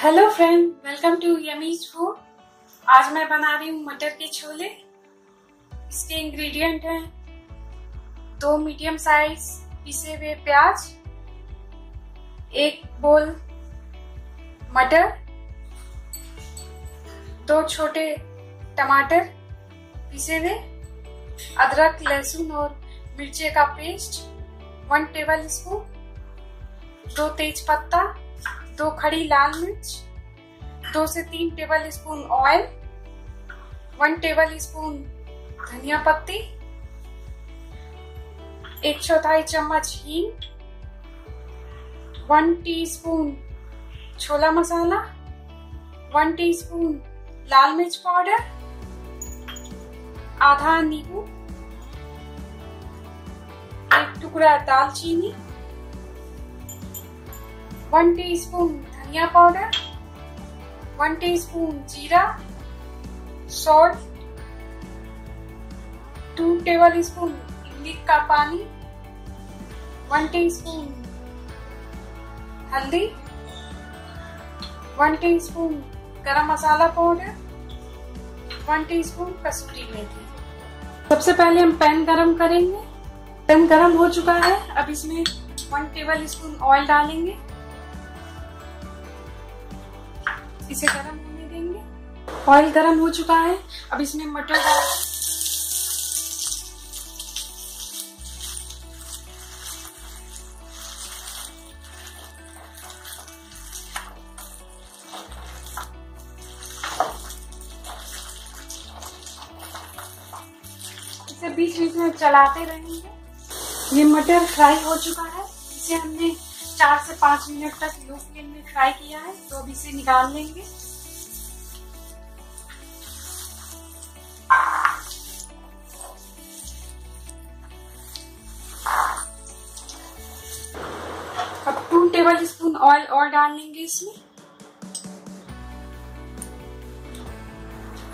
hello friend welcome to Yummies Food आज मैं बना रही हूँ मटर के छोले इसके इंग्रेडिएंट हैं दो मीडियम साइज पिसे हुए प्याज एक बोल मटर दो छोटे टमाटर पिसे हुए अदरक लहसुन और मिर्चे का पेस्ट वन टेबल स्पून दो तेज पत्ता दो खड़ी लाल मिर्च दो से तीन tablespoon oil one tablespoon धनिया पत्ती एक चौथाई चम्मच हींग वन टीस्पून छोला मसाला वन टीस्पून लाल मिर्च पाउडर आधा नींबू एक टुकड़ा दालचीनी वन टीस्पून धनिया पाउडर वन टीस्पून जीरा सॉल्ट टू टेबल स्पून इमली का पानी वन टीस्पून हल्दी one teaspoon garam masala powder one teaspoon कसूरी मेथी सबसे पहले हम पैन गरम करेंगे पैन गरम हो चुका है अब इसमें वन टेबल स्पून ऑयल डालेंगे इसे गर्म होने देंगे ऑयल गर्म हो चुका है अब इसमें मटर डाल इसे बीच बीच में चलाते रहेंगे ये मटर फ्राई हो चुका है इसे हमने चार से पांच मिनट तक लो फ्लेम में फ्राई किया है तो अब इसे निकाल लेंगे अब टू टेबल स्पून ऑयल और डाल लेंगे इसमें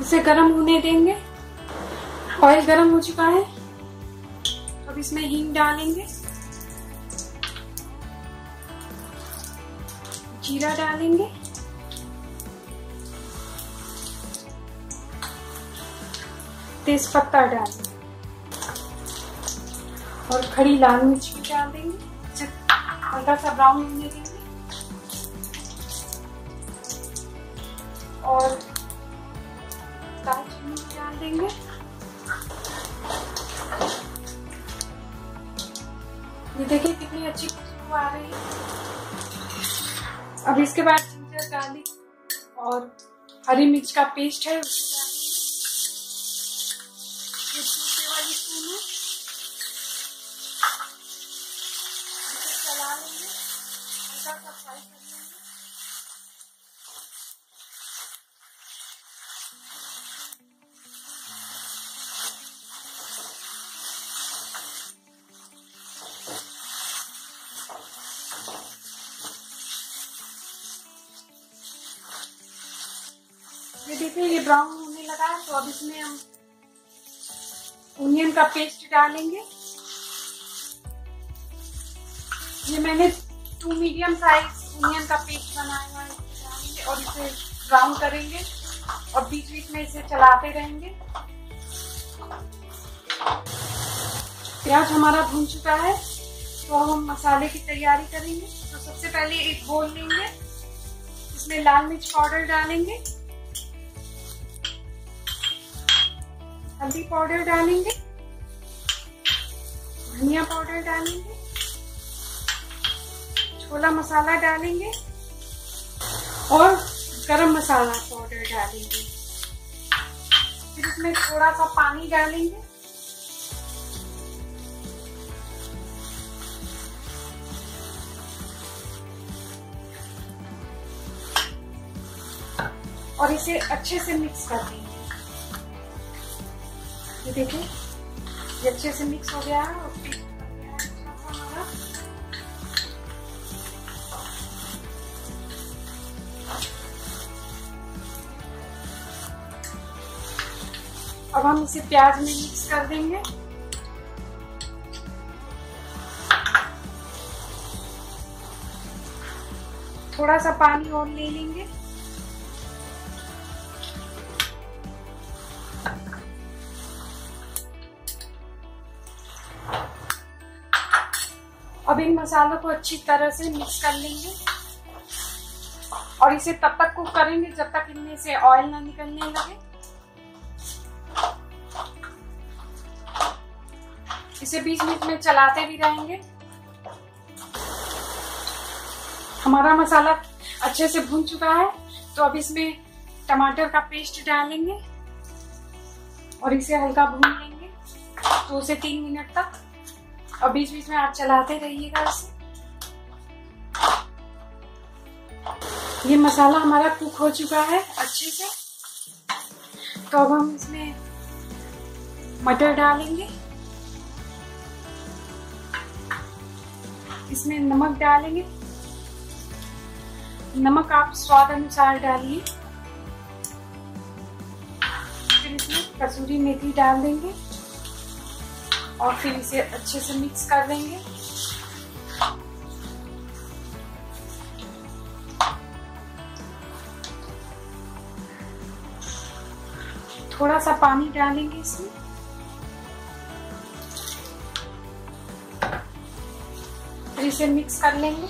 इसे गरम होने देंगे ऑयल गरम हो चुका है अब इसमें हींग डालेंगे जीरा डालेंगे तेज पत्ता डालेंगे और खड़ी लाल मिर्च भी डाल देंगे हल्का सा ब्राउन होने देंगे और दालचीनी भी डाल देंगे ये देखिए कितनी अच्छी खुशबू आ रही है अब इसके बाद जिंजर गार्लिक और हरी मिर्च का पेस्ट है उसके ये देखिए ये ब्राउन होने लगा है तो अब इसमें हम ओनियन का पेस्ट डालेंगे ये मैंने टू मीडियम साइज ओनियन का पेस्ट बनाया है डालेंगे और इसे ब्राउन करेंगे और बीच बीच में इसे चलाते रहेंगे प्याज हमारा भून चुका है तो हम मसाले की तैयारी करेंगे तो सबसे पहले एक बोल लेंगे इसमें लाल मिर्च पाउडर डालेंगे हल्दी पाउडर डालेंगे धनिया पाउडर डालेंगे छोला मसाला डालेंगे और गरम मसाला पाउडर डालेंगे फिर इसमें थोड़ा सा पानी डालेंगे और इसे अच्छे से मिक्स कर देंगे देखो ये अच्छे से मिक्स हो गया है अब हम इसे प्याज में मिक्स कर देंगे थोड़ा सा पानी और ले लेंगे इन मसालों को अच्छी तरह से मिक्स कर लेंगे और इसे तब तक कुक करेंगे जब तक इनमें से ऑयल ना निकलने लगे इसे 20 मिनट में चलाते भी रहेंगे हमारा मसाला अच्छे से भून चुका है तो अब इसमें टमाटर का पेस्ट डालेंगे और इसे हल्का भून लेंगे दो तो से तीन मिनट तक और बीच बीच में आप चलाते रहिएगा इसे ये मसाला हमारा कुक हो चुका है अच्छे से तो अब हम इसमें मटर डालेंगे इसमें नमक डालेंगे नमक आप स्वाद अनुसार डालिए फिर इसमें कसूरी मेथी डाल देंगे और फिर इसे अच्छे से मिक्स कर देंगे थोड़ा सा पानी डालेंगे इसमें फिर इसे मिक्स कर लेंगे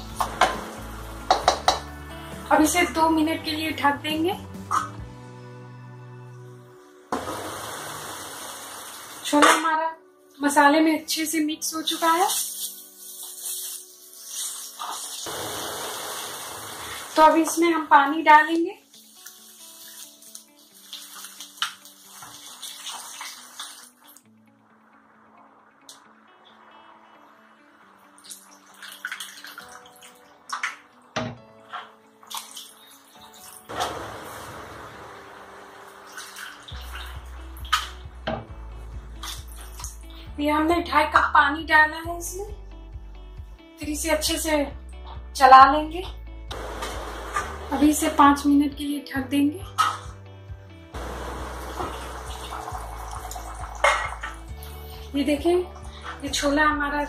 अब इसे दो मिनट के लिए ढक देंगे मसाले में अच्छे से मिक्स हो चुका है तो अब इसमें हम पानी डालेंगे ये हमने ढाई कप पानी डाला है इसमें फिर इसे अच्छे से चला लेंगे अभी इसे पांच मिनट के लिए ढक देंगे ये देखें ये छोला हमारा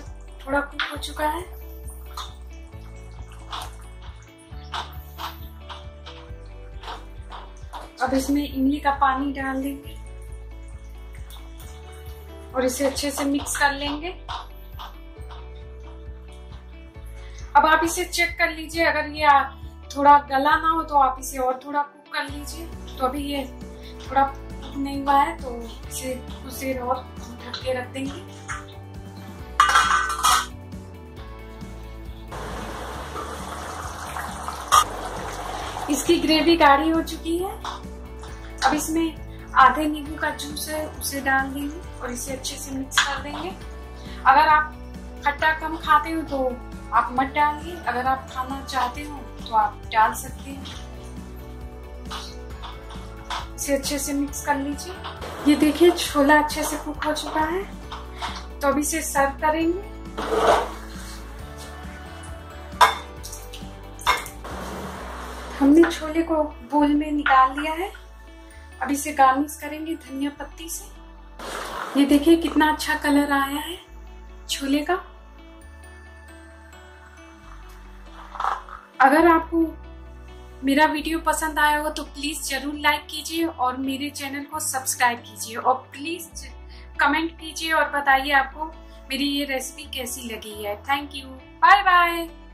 थोड़ा कुक हो चुका है अब इसमें इमली का पानी डाल देंगे और इसे अच्छे से मिक्स कर लेंगे अब आप इसे चेक कर लीजिए अगर ये थोड़ा गला ना हो तो आप इसे और थोड़ा कुक कर लीजिए तो अभी ये थोड़ा कुक नहीं हुआ है तो इसे कुछ देर और ढक के रख देंगे इसकी ग्रेवी गाढ़ी हो चुकी है अब इसमें आधे नींबू का जूस है उसे डाल देंगे और इसे अच्छे से मिक्स कर देंगे अगर आप खट्टा कम खाते हो तो आप मत डालिए अगर आप खाना चाहते हो तो आप डाल सकते हैं इसे अच्छे से मिक्स कर लीजिए ये देखिए छोला अच्छे से कुक हो चुका है तो अब इसे सर्व करेंगे हमने छोले को बोल में निकाल लिया है अब इसे गार्निश करेंगे धनिया पत्ती से ये देखिए कितना अच्छा कलर आया है छोले का अगर आपको मेरा वीडियो पसंद आया हो तो प्लीज़ ज़रूर लाइक कीजिए और मेरे चैनल को सब्सक्राइब कीजिए और प्लीज़ कमेंट कीजिए और बताइए आपको मेरी ये रेसिपी कैसी लगी है थैंक यू बाय बाय